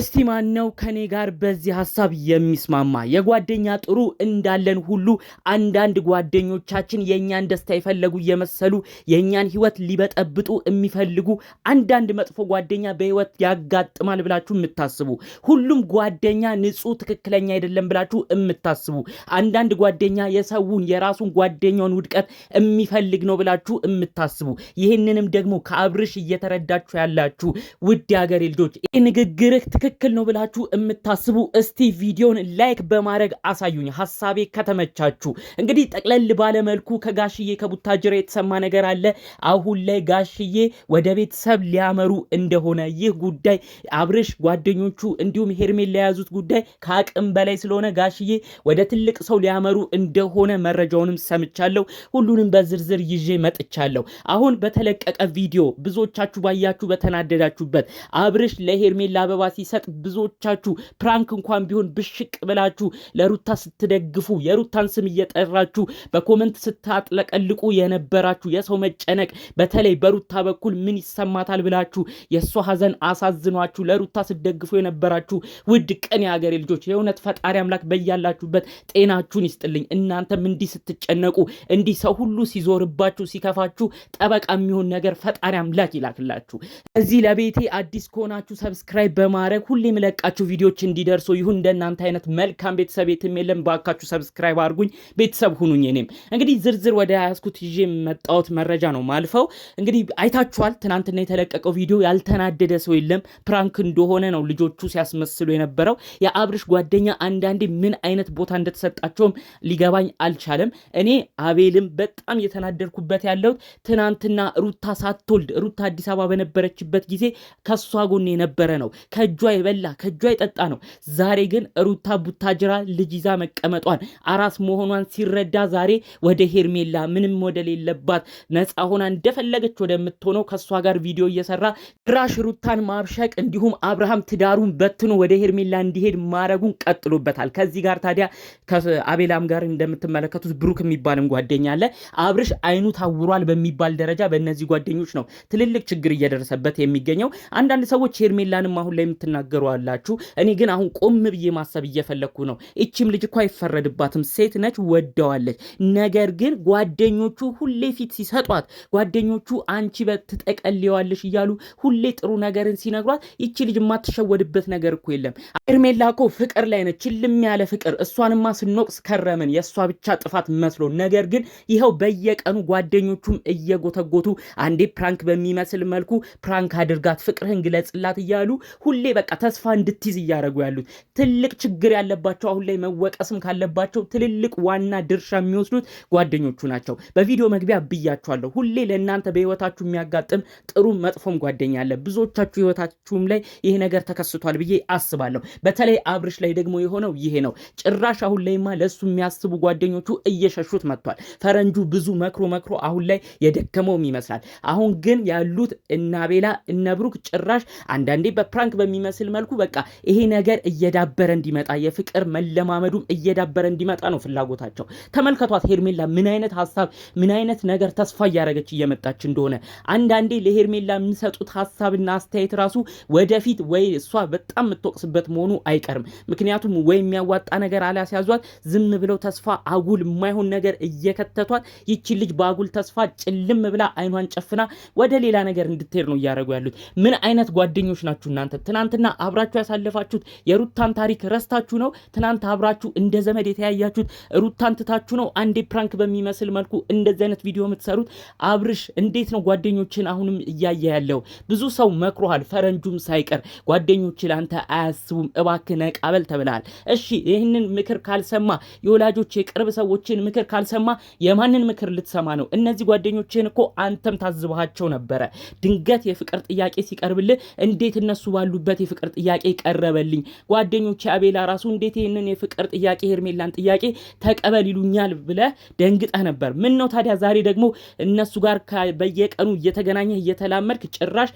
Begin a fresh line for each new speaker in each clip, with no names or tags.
እስቲ ማን ነው ከኔ ጋር በዚህ ሀሳብ የሚስማማ? የጓደኛ ጥሩ እንዳለን ሁሉ አንዳንድ ጓደኞቻችን የእኛን ደስታ የፈለጉ እየመሰሉ የእኛን ሕይወት ሊበጠብጡ የሚፈልጉ አንዳንድ መጥፎ ጓደኛ በሕይወት ያጋጥማል ብላችሁ የምታስቡ ሁሉም ጓደኛ ንጹሕ፣ ትክክለኛ አይደለም ብላችሁ የምታስቡ አንዳንድ ጓደኛ የሰውን የራሱን ጓደኛውን ውድቀት የሚፈልግ ነው ብላችሁ የምታስቡ ይህንንም ደግሞ ከአብርሽ እየተረዳችሁ ያላችሁ ውድ የሀገሬ ልጆች ይህ ንግግርህ ትክክል ነው ብላችሁ የምታስቡ እስቲ ቪዲዮን ላይክ በማድረግ አሳዩኝ ሀሳቤ ከተመቻችሁ። እንግዲህ ጠቅለል ባለመልኩ ከጋሽዬ ከቡታጅራ የተሰማ ነገር አለ። አሁን ላይ ጋሽዬ ወደ ቤተሰብ ሊያመሩ እንደሆነ ይህ ጉዳይ አብርሽ ጓደኞቹ እንዲሁም ሄርሜን ለያዙት ጉዳይ ከአቅም በላይ ስለሆነ ጋሽዬ ወደ ትልቅ ሰው ሊያመሩ እንደሆነ መረጃውንም ሰምቻለሁ። ሁሉንም በዝርዝር ይዤ መጥቻለሁ። አሁን በተለቀቀ ቪዲዮ ብዙዎቻችሁ ባያችሁ በተናደዳችሁበት አብርሽ ለሄርሜን ለአበባ ሲሰ ስትሰጥ ብዙዎቻችሁ ፕራንክ እንኳን ቢሆን ብሽቅ ብላችሁ ለሩታ ስትደግፉ የሩታን ስም እየጠራችሁ በኮመንት ስታጥለቀልቁ የነበራችሁ የሰው መጨነቅ በተለይ በሩታ በኩል ምን ይሰማታል ብላችሁ የእሷ ሀዘን አሳዝኗችሁ ለሩታ ስትደግፉ የነበራችሁ ውድ ቀን የሀገሬ ልጆች የእውነት ፈጣሪ አምላክ በያላችሁበት ጤናችሁን ይስጥልኝ። እናንተም እንዲህ ስትጨነቁ እንዲህ ሰው ሁሉ ሲዞርባችሁ ሲከፋችሁ ጠበቃ የሚሆን ነገር ፈጣሪ አምላክ ይላክላችሁ። እዚህ ለቤቴ አዲስ ከሆናችሁ ሰብስክራይብ በማድረግ ሳረግ ሁሌ የምለቃችሁ ቪዲዮዎች እንዲደርሱ ይሁን። እንደናንተ አይነት መልካም ቤተሰብ የትም የለም። ባካችሁ ሰብስክራይብ አድርጉኝ፣ ቤተሰብ ሁኑኝ። እኔም እንግዲህ ዝርዝር ወደ ያዝኩት ይዤ መጣሁት መረጃ ነው ማልፈው። እንግዲህ አይታችኋል፣ ትናንትና የተለቀቀው ቪዲዮ ያልተናደደ ሰው የለም። ፕራንክ እንደሆነ ነው ልጆቹ ሲያስመስሉ የነበረው። የአብርሽ ጓደኛ አንዳንዴ ምን አይነት ቦታ እንደተሰጣቸውም ሊገባኝ አልቻለም። እኔ አቤልም በጣም የተናደርኩበት ያለሁት ትናንትና ሩታ ሳትወልድ ሩታ አዲስ አበባ በነበረችበት ጊዜ ከእሷ ጎን የነበረ ነው ከእጇ የበላ ከእጇ የጠጣ ነው። ዛሬ ግን ሩታ ቡታጅራ ልጅ ይዛ መቀመጧን አራስ መሆኗን ሲረዳ ዛሬ ወደ ሄርሜላ ምንም ወደሌለባት ነፃ ሆና እንደፈለገች ወደምትሆነው ከእሷ ጋር ቪዲዮ እየሰራ ግራሽ ሩታን ማብሸቅ እንዲሁም አብርሃም ትዳሩን በትኖ ወደ ሄርሜላ እንዲሄድ ማድረጉን ቀጥሎበታል። ከዚህ ጋር ታዲያ ከአቤላም ጋር እንደምትመለከቱት ብሩክ የሚባልም ጓደኛ አለ። አብርሽ አይኑ ታውሯል በሚባል ደረጃ በእነዚህ ጓደኞች ነው ትልልቅ ችግር እየደረሰበት የሚገኘው። አንዳንድ ሰዎች ሄርሜላንም አሁን ላይ የምትና ትናገሯላችሁ። እኔ ግን አሁን ቆም ብዬ ማሰብ እየፈለግኩ ነው። እችም ልጅ እኮ አይፈረድባትም፣ ሴት ነች፣ ወደዋለች። ነገር ግን ጓደኞቹ ሁሌ ፊት ሲሰጧት፣ ጓደኞቹ አንቺ በትጠቀልዋለሽ እያሉ ሁሌ ጥሩ ነገርን ሲነግሯት፣ ይቺ ልጅ የማትሸወድበት ነገር እኮ የለም። ሄርሜላ እኮ ፍቅር ላይ ነች፣ ችልም ያለ ፍቅር። እሷንማ ስንወቅስ ከረምን የእሷ ብቻ ጥፋት መስሎ። ነገር ግን ይኸው በየቀኑ ጓደኞቹም እየጎተጎቱ አንዴ ፕራንክ በሚመስል መልኩ ፕራንክ አድርጋት፣ ፍቅርህን ግለጽላት እያሉ ሁሌ በቃ ተስፋ እንድትይዝ እያደረጉ ያሉት ትልቅ ችግር ያለባቸው አሁን ላይ መወቀስም ካለባቸው ትልልቅ ዋና ድርሻ የሚወስዱት ጓደኞቹ ናቸው። በቪዲዮ መግቢያ ብያችኋለሁ። ሁሌ ለእናንተ በህይወታችሁ የሚያጋጥም ጥሩ መጥፎም ጓደኛ አለ። ብዙዎቻችሁ ህይወታችሁም ላይ ይሄ ነገር ተከስቷል ብዬ አስባለሁ። በተለይ አብርሽ ላይ ደግሞ የሆነው ይሄ ነው። ጭራሽ አሁን ላይማ ለእሱ የሚያስቡ ጓደኞቹ እየሸሹት መጥቷል። ፈረንጁ ብዙ መክሮ መክሮ አሁን ላይ የደከመውም ይመስላል። አሁን ግን ያሉት እነ አቤላ እነ ብሩክ ጭራሽ አንዳንዴ በፕራንክ በሚመስል በሚመስል መልኩ በቃ ይሄ ነገር እየዳበረ እንዲመጣ የፍቅር መለማመዱም እየዳበረ እንዲመጣ ነው ፍላጎታቸው። ተመልከቷት ሄርሜላ ምን አይነት ሀሳብ ምን አይነት ነገር ተስፋ እያደረገች እየመጣች እንደሆነ። አንዳንዴ ለሄርሜላ የሚሰጡት ሀሳብና አስተያየት ራሱ ወደፊት ወይ እሷ በጣም የምትወቅስበት መሆኑ አይቀርም። ምክንያቱም ወይ የሚያዋጣ ነገር አላስያዟት፣ ዝም ብለው ተስፋ አጉል የማይሆን ነገር እየከተቷት፣ ይችን ልጅ በአጉል ተስፋ ጭልም ብላ አይኗን ጨፍና ወደ ሌላ ነገር እንድትሄድ ነው እያደረጉ ያሉት። ምን አይነት ጓደኞች ናችሁ እናንተ ትናንትና ትናንትና አብራችሁ ያሳለፋችሁት የሩታን ታሪክ ረስታችሁ ነው? ትናንት አብራችሁ እንደ ዘመድ የተያያችሁት ሩታን ትታችሁ ነው? አንዴ ፕራንክ በሚመስል መልኩ እንደዚህ አይነት ቪዲዮ የምትሰሩት አብርሽ፣ እንዴት ነው ጓደኞችን አሁንም እያየ ያለው? ብዙ ሰው መክሮሃል፣ ፈረንጁም ሳይቀር ጓደኞች ለአንተ አያስቡም፣ እባክህ ነቃ በል ተብለሃል። እሺ ይህንን ምክር ካልሰማ የወላጆች የቅርብ ሰዎችን ምክር ካልሰማ የማንን ምክር ልትሰማ ነው? እነዚህ ጓደኞችህን እኮ አንተም ታዝበሃቸው ነበረ። ድንገት የፍቅር ጥያቄ ሲቀርብልህ እንዴት እነሱ ባሉበት የፍቅር ጥያቄ ቀረበልኝ። ጓደኞቼ አቤላ ራሱ እንዴት ይህንን የፍቅር ጥያቄ ሄርሜላን ጥያቄ ተቀበል ይሉኛል ብለ ደንግጠ ነበር። ምን ነው ታዲያ ዛሬ ደግሞ እነሱ ጋር በየቀኑ እየተገናኘህ እየተላመድክ ጭራሽ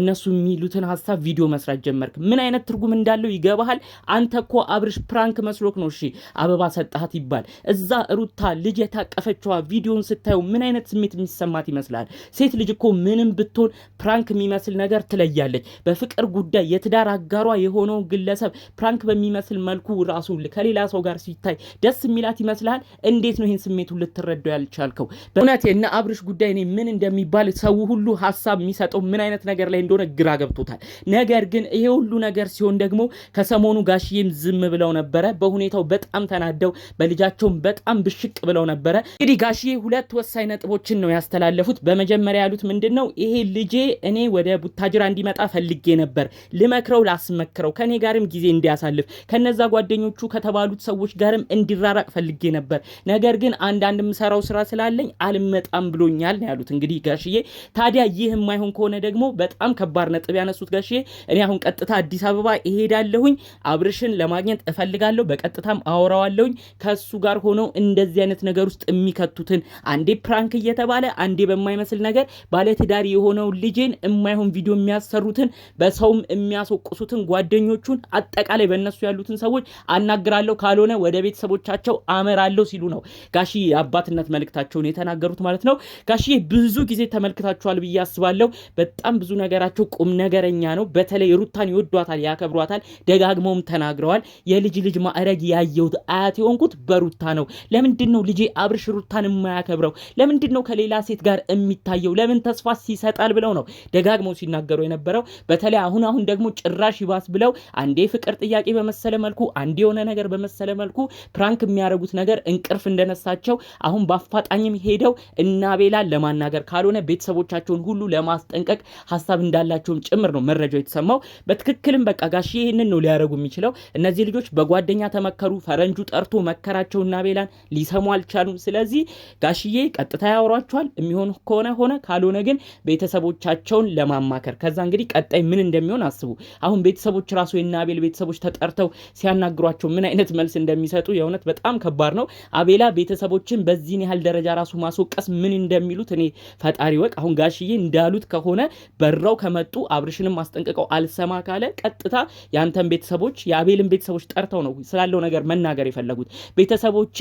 እነሱ የሚሉትን ሀሳብ ቪዲዮ መስራት ጀመርክ። ምን አይነት ትርጉም እንዳለው ይገባሃል? አንተ እኮ አብርሽ ፕራንክ መስሎክ ነው። እሺ አበባ ሰጣሃት ይባል እዛ ሩታ ልጅ የታቀፈችዋ ቪዲዮን ስታየው ምን አይነት ስሜት የሚሰማት ይመስላል? ሴት ልጅ እኮ ምንም ብትሆን ፕራንክ የሚመስል ነገር ትለያለች። በፍቅር ጉዳይ የት የትዳር አጋሯ የሆነው ግለሰብ ፕራንክ በሚመስል መልኩ ራሱ ከሌላ ሰው ጋር ሲታይ ደስ የሚላት ይመስልሃል? እንዴት ነው ይህን ስሜቱ ልትረዳው ያልቻልከው? በእውነት የእነ አብርሽ ጉዳይ እኔ ምን እንደሚባል ሰው ሁሉ ሀሳብ የሚሰጠው ምን አይነት ነገር ላይ እንደሆነ ግራ ገብቶታል። ነገር ግን ይሄ ሁሉ ነገር ሲሆን ደግሞ ከሰሞኑ ጋሽዬም ዝም ብለው ነበረ። በሁኔታው በጣም ተናደው በልጃቸውም በጣም ብሽቅ ብለው ነበረ። እንግዲህ ጋሽዬ ሁለት ወሳኝ ነጥቦችን ነው ያስተላለፉት። በመጀመሪያ ያሉት ምንድን ነው ይሄ ልጄ እኔ ወደ ቡታጅራ እንዲመጣ ፈልጌ ነበር ልመክረው ላስመክረው ከኔ ጋርም ጊዜ እንዲያሳልፍ ከነዛ ጓደኞቹ ከተባሉት ሰዎች ጋርም እንዲራራቅ ፈልጌ ነበር። ነገር ግን አንዳንድ የምሰራው ስራ ስላለኝ አልመጣም ብሎኛል ነው ያሉት። እንግዲህ ጋሽዬ ታዲያ ይህ የማይሆን ከሆነ ደግሞ በጣም ከባድ ነጥብ ያነሱት ጋሽዬ እኔ አሁን ቀጥታ አዲስ አበባ እሄዳለሁኝ፣ አብርሽን ለማግኘት እፈልጋለሁ፣ በቀጥታም አወራዋለሁኝ። ከሱ ጋር ሆነው እንደዚህ አይነት ነገር ውስጥ የሚከቱትን አንዴ ፕራንክ እየተባለ አንዴ በማይመስል ነገር ባለትዳር የሆነውን ልጄን የማይሆን ቪዲዮ የሚያሰሩትን በሰውም የሚያ የሚያስወቅሱትን ጓደኞቹን አጠቃላይ በእነሱ ያሉትን ሰዎች አናግራለሁ፣ ካልሆነ ወደ ቤተሰቦቻቸው አመራለሁ ሲሉ ነው ጋሺ የአባትነት መልእክታቸውን የተናገሩት ማለት ነው። ጋሺ ብዙ ጊዜ ተመልክታችኋል ብዬ አስባለሁ። በጣም ብዙ ነገራቸው ቁም ነገረኛ ነው። በተለይ ሩታን ይወዷታል፣ ያከብሯታል። ደጋግመውም ተናግረዋል። የልጅ ልጅ ማዕረግ ያየሁት አያት የሆንኩት በሩታ ነው። ለምንድን ነው ልጄ አብርሽ ሩታን የማያከብረው? ለምንድን ነው ከሌላ ሴት ጋር የሚታየው? ለምን ተስፋ ይሰጣል ብለው ነው ደጋግመው ሲናገሩ የነበረው። በተለይ አሁን አሁን ደግሞ ጭራሽ ይባስ ብለው አንዴ ፍቅር ጥያቄ በመሰለ መልኩ አንዴ የሆነ ነገር በመሰለ መልኩ ፕራንክ የሚያደርጉት ነገር እንቅርፍ እንደነሳቸው አሁን በአፋጣኝም ሄደው እና ለማናገር ካልሆነ ቤተሰቦቻቸውን ሁሉ ለማስጠንቀቅ ሀሳብ እንዳላቸውም ጭምር ነው መረጃው የተሰማው። በትክክልም በቃ ጋሽ ይህንን ነው ሊያደርጉ የሚችለው። እነዚህ ልጆች በጓደኛ ተመከሩ፣ ፈረንጁ ጠርቶ መከራቸው እና ቤላን ሊሰሙ አልቻሉም። ስለዚህ ጋሽዬ ቀጥታ ያወሯቸዋል። የሚሆን ከሆነ ሆነ፣ ካልሆነ ግን ቤተሰቦቻቸውን ለማማከር ከዛ እንግዲህ ቀጣይ ምን እንደሚሆን አስቡ። አሁን ቤተሰቦች ራሱ የእነ አቤል ቤተሰቦች ተጠርተው ሲያናግሯቸው ምን አይነት መልስ እንደሚሰጡ የእውነት በጣም ከባድ ነው። አቤላ ቤተሰቦችን በዚህን ያህል ደረጃ ራሱ ማስወቀስ ምን እንደሚሉት እኔ ፈጣሪ ወቅ። አሁን ጋሽዬ እንዳሉት ከሆነ በረው ከመጡ አብርሽንም አስጠንቅቀው አልሰማ ካለ ቀጥታ የአንተን ቤተሰቦች የአቤልን ቤተሰቦች ጠርተው ነው ስላለው ነገር መናገር የፈለጉት ቤተሰቦች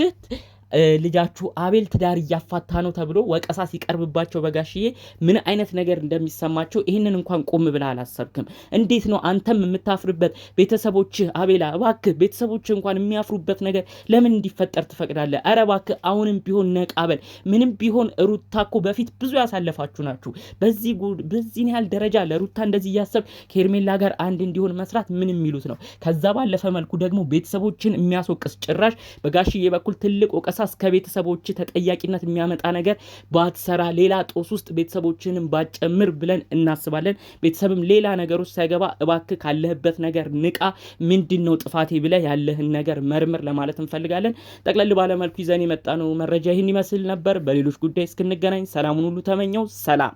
ልጃችሁ አቤል ትዳር እያፋታ ነው ተብሎ ወቀሳ ሲቀርብባቸው በጋሽዬ ምን አይነት ነገር እንደሚሰማቸው ይህንን እንኳን ቆም ብላ አላሰብክም? እንዴት ነው አንተም የምታፍርበት? ቤተሰቦችህ አቤላ እባክህ ቤተሰቦችህ እንኳን የሚያፍሩበት ነገር ለምን እንዲፈጠር ትፈቅዳለህ? ኧረ እባክህ አሁንም ቢሆን ነቃበል ምንም ቢሆን ሩታ እኮ በፊት ብዙ ያሳለፋችሁ ናችሁ። በዚህ በዚህን ያህል ደረጃ ለሩታ እንደዚህ እያሰብ ከኤርሜላ ጋር አንድ እንዲሆን መስራት ምን የሚሉት ነው? ከዛ ባለፈ መልኩ ደግሞ ቤተሰቦችን የሚያስወቅስ ጭራሽ በጋሽዬ በኩል ትልቅ ወቀሳ ተነሳስ ከቤተሰቦች ተጠያቂነት የሚያመጣ ነገር ባትሰራ ሌላ ጦስ ውስጥ ቤተሰቦችንም ባጨምር ብለን እናስባለን። ቤተሰብም ሌላ ነገር ውስጥ ሳይገባ እባክ ካለህበት ነገር ንቃ፣ ምንድን ነው ጥፋቴ ብለ ያለህን ነገር መርምር ለማለት እንፈልጋለን። ጠቅለል ባለመልኩ ይዘን የመጣ ነው መረጃ ይህን ይመስል ነበር። በሌሎች ጉዳይ እስክንገናኝ ሰላሙን ሁሉ ተመኘው። ሰላም